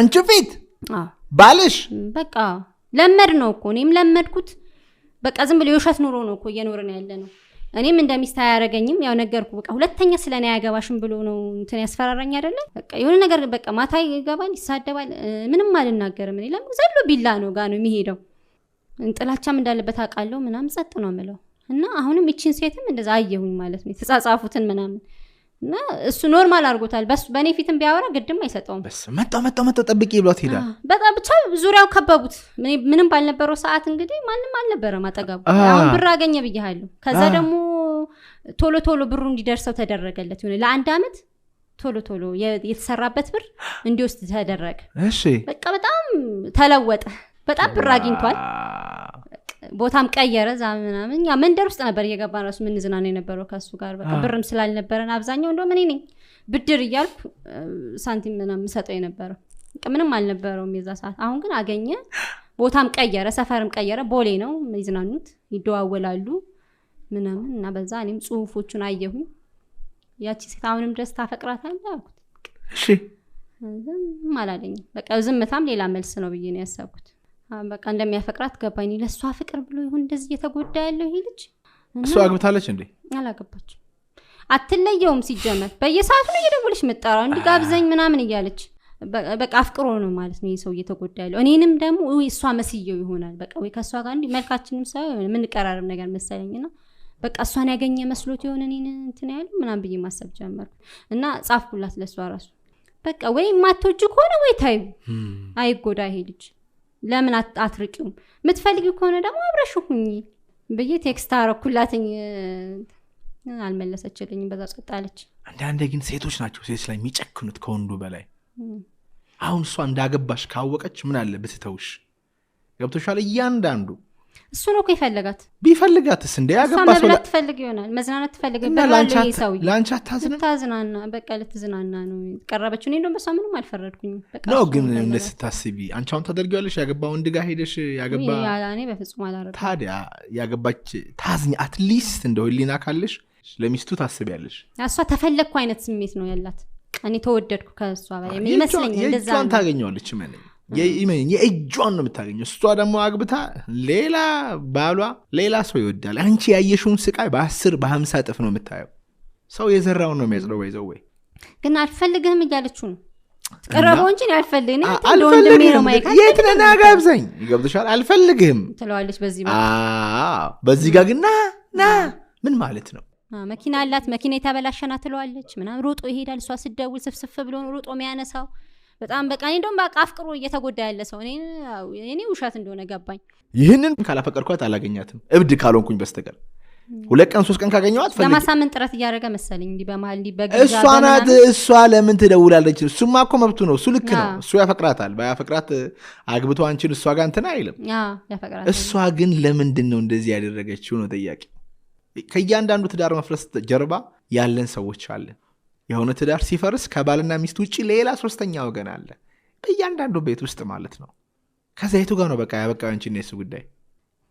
አንቺ ፊት ባልሽ በቃ ለመድ ነው እኮ እኔም ለመድኩት። በቃ ዝም ብሎ የውሸት ኑሮ ነው እኮ እየኖርን ያለ ነው። እኔም እንደ ሚስት አያደርገኝም። ያው ነገርኩ። በቃ ሁለተኛ ስለ እኔ አያገባሽም ብሎ ነው እንትን ያስፈራራኝ አይደለም። በቃ የሆነ ነገር በቃ ማታ ይገባል፣ ይሳደባል። ምንም አልናገርም እኔ ለምን ዘሎ ቢላ ነው ጋ ነው የሚሄደው። ጥላቻም እንዳለበት አውቃለሁ ምናምን ጸጥ ነው ምለው እና አሁንም ይችን ሴትም እንደዛ አየሁኝ ማለት ነው የተጻጻፉትን ምናምን እና እሱ ኖርማል አድርጎታል። በእኔ ፊትም ቢያወራ ግድም አይሰጠውም። መጣው መጣው መጣው ጠብቂ ብሏት በጣም ብቻ ዙሪያው ከበቡት። ምንም ባልነበረው ሰዓት እንግዲህ ማንም አልነበረም አጠገቡ። አሁን ብር አገኘ ብያለሁ። ከዛ ደግሞ ቶሎ ቶሎ ብሩ እንዲደርሰው ተደረገለት። ሆነ ለአንድ አመት ቶሎ ቶሎ የተሰራበት ብር እንዲወስድ ተደረገ። በቃ በጣም ተለወጠ። በጣም ብር አግኝቷል። ቦታም ቀየረ ዛ ምናምን ያ መንደር ውስጥ ነበር እየገባ ራሱ ምን የነበረው ከሱ ጋር በቃ ብርም ስላልነበረን አብዛኛው እንደ ምን ነኝ ብድር እያልኩ ሳንቲም ምናምን ምሰጠው የነበረው ምንም አልነበረውም የዛ ሰዓት። አሁን ግን አገኘ፣ ቦታም ቀየረ፣ ሰፈርም ቀየረ። ቦሌ ነው ይዝናኑት፣ ይደዋወላሉ ምናምን እና በዛ እኔም ጽሁፎቹን አየሁ ያቺ ሴት አሁንም ድረስ ታፈቅራታለህ አልኩት። እሺ አላለኝም። በቃ ዝምታም ሌላ መልስ ነው ብዬ ነው ያሰብኩት። በቃ እንደሚያፈቅራት ገባኝ። ለእሷ ፍቅር ብሎ ይሁን እንደዚህ እየተጎዳ ያለው ይሄ ልጅ። እሱ አግብታለች እንዴ? አላገባችም። አትለየውም። ሲጀመር በየሰዓቱ ነው እየደወለች የምጠራው እንዲህ ጋብዘኝ ምናምን እያለች በቃ አፍቅሮ ነው ማለት ነው ይህ ሰው እየተጎዳ ያለው። እኔንም ደግሞ እሷ መስየው ይሆናል በቃ ወይ ከእሷ ጋር እንዲ መልካችንም ሰው የምንቀራረብ ነገር መሰለኝ መሰለኝና በቃ እሷን ያገኘ መስሎት የሆነ እኔን እንትን ያለ ምናም ብዬ ማሰብ ጀመርኩ እና ጻፍኩላት ለእሷ ራሱ በቃ ወይ የማትወጂው ከሆነ ወይ ታዩ አይጎዳ ይሄ ልጅ ለምን አትርቂውም? የምትፈልጊው ከሆነ ደግሞ አብረሽ ሁኚ ብዬ ቴክስት አረኩላትኝ። አልመለሰችልኝም። በዛ ጸጣለች አለች። አንዳንዴ ግን ሴቶች ናቸው ሴቶች ላይ የሚጨክኑት ከወንዱ በላይ። አሁን እሷ እንዳገባሽ ካወቀች ምን አለ ብትተውሽ? ገብቶሻል? እያንዳንዱ እሱ ነው እኮ የፈለጋት ቢፈልጋትስ እንደ ያገባት ትፈልግ ይሆናል መዝናናት ትፈልግለአንቺ አታዝናና በቃ ልትዝናና ነው ቀረበችው እኔ በሷ ምንም አልፈረድኩኝ ነው ግን እንደ ስታስቢ አንቻውን ታደርጊዋለሽ ያገባ ወንድ ጋር ሄደሽ ያገባእኔ በፍጹም አላረ ታዲያ ያገባች ታዝኝ አትሊስት እንደ ህሊና ካለሽ ለሚስቱ ታስብ ያለሽ እሷ ተፈለግኩ አይነት ስሜት ነው ያላት እኔ ተወደድኩ ከእሷ በላይ ይመስለኛል ታገኘዋለች መለኝ የእጇን ነው የምታገኘው። እሷ ደግሞ አግብታ ሌላ ባሏ ሌላ ሰው ይወዳል። አንቺ ያየሽውን ስቃይ በአስር በሀምሳ ጥፍ ነው የምታየው። ሰው የዘራውን ነው የሚያጽለው ወይዘው ወይ ግን አልፈልግህም እያለችው ነው ቀረበው እንጂ አልፈልግም የት ጋብዘኝ፣ ይገብትሻል አልፈልግህም ትለዋለች። በዚህ በዚህ ጋር ግን ና ምን ማለት ነው? መኪና አላት መኪና የተበላሸና ትለዋለች ምናም ሩጦ ይሄዳል። እሷ ስደውል ስፍስፍ ብሎ ሩጦ የሚያነሳው በጣም በቃ እኔ እንደውም በቃ አፍቅሮ እየተጎዳ ያለ ሰው እኔ ውሸት እንደሆነ ገባኝ። ይህንን ካላፈቀድኳት አላገኛትም እብድ ካልሆንኩኝ በስተቀር ሁለት ቀን ሶስት ቀን ካገኘዋት ለማሳመን ጥረት እያደረገ መሰለኝ። እንዲህ በመሀል እሷ ናት እሷ ለምን ትደውላለች? እሱማ እኮ መብቱ ነው። እሱ ልክ ነው። እሱ ያፈቅራታል። ባያፈቅራት አግብቶ አንቺን እሷ ጋር እንትን አይልም። እሷ ግን ለምንድን ነው እንደዚህ ያደረገችው ነው ጥያቄ። ከእያንዳንዱ ትዳር መፍረስ ጀርባ ያለን ሰዎች አለን። የሆነ ትዳር ሲፈርስ ከባልና ሚስት ውጭ ሌላ ሶስተኛ ወገን አለ በእያንዳንዱ ቤት ውስጥ ማለት ነው። ከዛ የቱ ጋር ነው በቃ ያበቃው አንቺ የሱ ጉዳይ?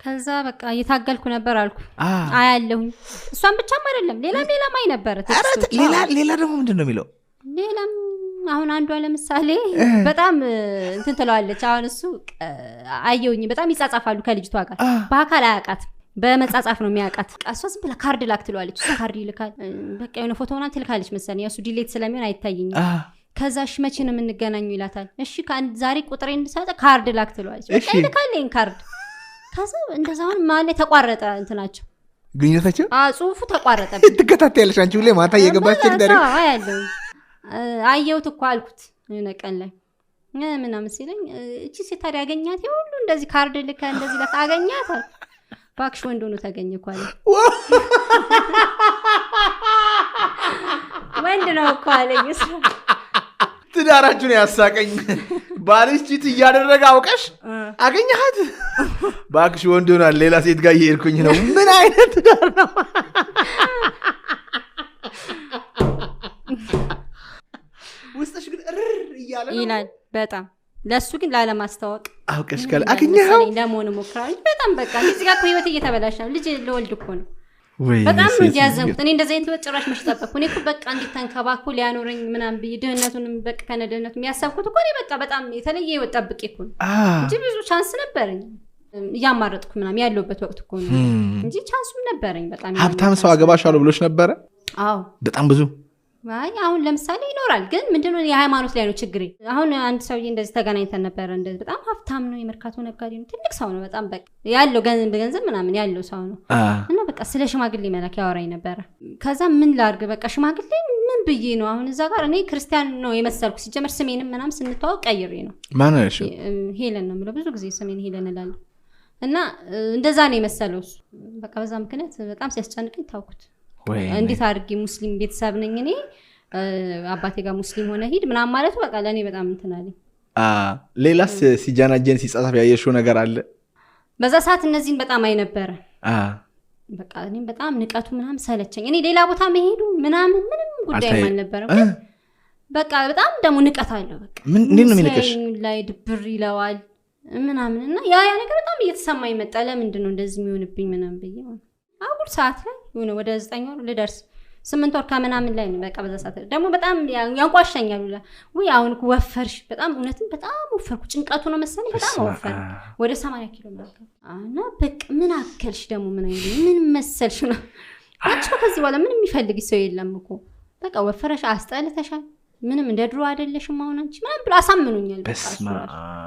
ከዛ በቃ እየታገልኩ ነበር አልኩ አያለሁኝ። እሷን ብቻም አይደለም ሌላም ሌላም አይ ነበረ። ሌላ ደግሞ ምንድን ነው የሚለው? ሌላም አሁን አንዷ ለምሳሌ በጣም እንትን ትለዋለች። አሁን እሱ አየውኝ በጣም ይጻጻፋሉ ከልጅቷ ጋር በአካል አያውቃትም በመጻጻፍ ነው የሚያውቃት። እሷ ዝም ብላ ካርድ ላክ ትለዋለች፣ እሱ ካርድ ይልካል። በቃ የሆነ ፎቶ ምናምን ትልካለች መሰለኝ፣ እሱ ዲሌት ስለሚሆን አይታየኝም። ከዛ እሺ መቼ ነው የምንገናኙ ይላታል። እሺ ዛሬ ቁጥር እንድሰጠ ካርድ ላክ ትለዋለች። በቃ ይልካል ይህን ካርድ። ከዛ እንደዛ አሁን ማለ ተቋረጠ እንትናቸው ግንኙነታቸው ጽሁፉ ተቋረጠ። ትከታተያለሽ አንቺ ሁሌ ማታ እየገባች ያለው አየሁት እኮ አልኩት የሆነ ቀን ላይ ምናምን ሲለኝ እቺ ሴት ታዲያ አገኛት ሁሉ እንደዚህ ካርድ ልከ እንደዚህ ለካ አገኛት አልኩ እባክሽ ወንድ ሆኖ ተገኘ እኮ ወንድ ነው ኳለኝ ትዳራችሁን ያሳቀኝ ባልሽ ቺት እያደረገ አውቀሽ አገኘሃት ባክሽ ወንድ ሆናል ሌላ ሴት ጋር እየሄድኩኝ ነው ምን አይነት ትዳር ነው ውስጥሽ ግን ርር እያለ ይላል በጣም ለእሱ ግን ላለማስታወቅ አውቀሽ ካለ አገኘኸው ለመሆን ሞክራለች። በጣም በቃ እዚህ ጋር እኮ ህይወት እየተበላሽ ነው። ልጅ ለወልድ እኮ ነው በጣም እዚህ እኔ እንደዚህ አይነት ህይወት ጭራሽ መች ጠበቅኩ። እኔ እኮ በቃ እንዴት ተንከባክቦ ሊያኖረኝ ምናም ብዬ ድህነቱንም በቃ ከነ ድህነቱ የሚያሰብኩት እኮ እኔ በቃ በጣም የተለየ ህይወት ጠብቄ እኮ ነው እንጂ ብዙ ቻንስ ነበረኝ እያማረጥኩ ምናም ያለሁበት ወቅት እኮ ነው እንጂ ቻንሱም ነበረኝ። በጣም ሀብታም ሰው አገባሻለሁ ብሎች ነበረ? አዎ በጣም ብዙ አይ አሁን ለምሳሌ ይኖራል፣ ግን ምንድነው የሃይማኖት ላይ ነው ችግሬ። አሁን አንድ ሰውዬ እንደዚህ ተገናኝተን ነበረ። እንደዚህ በጣም ሀብታም ነው፣ የመርካቶ ነጋዴ ነው፣ ትልቅ ሰው ነው፣ በጣም በቃ ያለው ገንዘብ ምናምን ያለው ሰው ነው። እና በቃ ስለ ሽማግሌ መላክ ያወራኝ ነበረ። ከዛ ምን ላርግ በቃ ሽማግሌ ምን ብዬ ነው አሁን እዛ ጋር እኔ ክርስቲያን ነው የመሰልኩ። ሲጀመር ስሜንም ምናምን ስንተዋወቅ ቀይሬ ነው። ሄለን ነው የምለው፣ ብዙ ጊዜ ስሜን ሄለን እላለሁ። እና እንደዛ ነው የመሰለው በቃ በዛ ምክንያት በጣም ሲያስጨንቅኝ ታውኩት። እንዴት አድርጌ ሙስሊም ቤተሰብ ነኝ እኔ አባቴ ጋር ሙስሊም ሆነ ሂድ ምናም ማለቱ በቃ ለእኔ በጣም እንትን አለኝ ሌላስ ሲጃናጀን ሲጻጻፍ ያየሽው ነገር አለ በዛ ሰዓት እነዚህን በጣም አይነበረ በቃ እኔም በጣም ንቀቱ ምናም ሰለቸኝ እኔ ሌላ ቦታ መሄዱ ምናምን ምንም ጉዳይ አልነበረም በቃ በጣም ደግሞ ንቀት አለው ላይ ድብር ይለዋል ምናምን እና ያ ያ ነገር በጣም እየተሰማ ይመጣ ለምንድን ነው እንደዚህ የሚሆንብኝ ምናም ብዬ አጉል ሰዓት ላይ ሆነ ወደ ዘጠኝ ወር ልደርስ ስምንት ወር ከምናምን ላይ ነው። በቃ በዛ ሰዓት ደግሞ በጣም ያንቋሸኛል። ውይ አሁን ወፈርሽ በጣም እውነትም በጣም ወፈርኩ። ጭንቀቱ ነው መሰለኝ በጣም ወፈር ወደ ሰማንያ ኪሎ እና በቃ ምን አከልሽ ደግሞ ምን ምን መሰልሽ ነው አንቺ ከዚህ በኋላ ምን የሚፈልግ ሰው የለም እኮ በቃ ወፈረሽ፣ አስጠልተሻል፣ ምንም እንደ ድሮ አይደለሽም አሁን አንቺ ምናምን ብሎ አሳምኑኛል።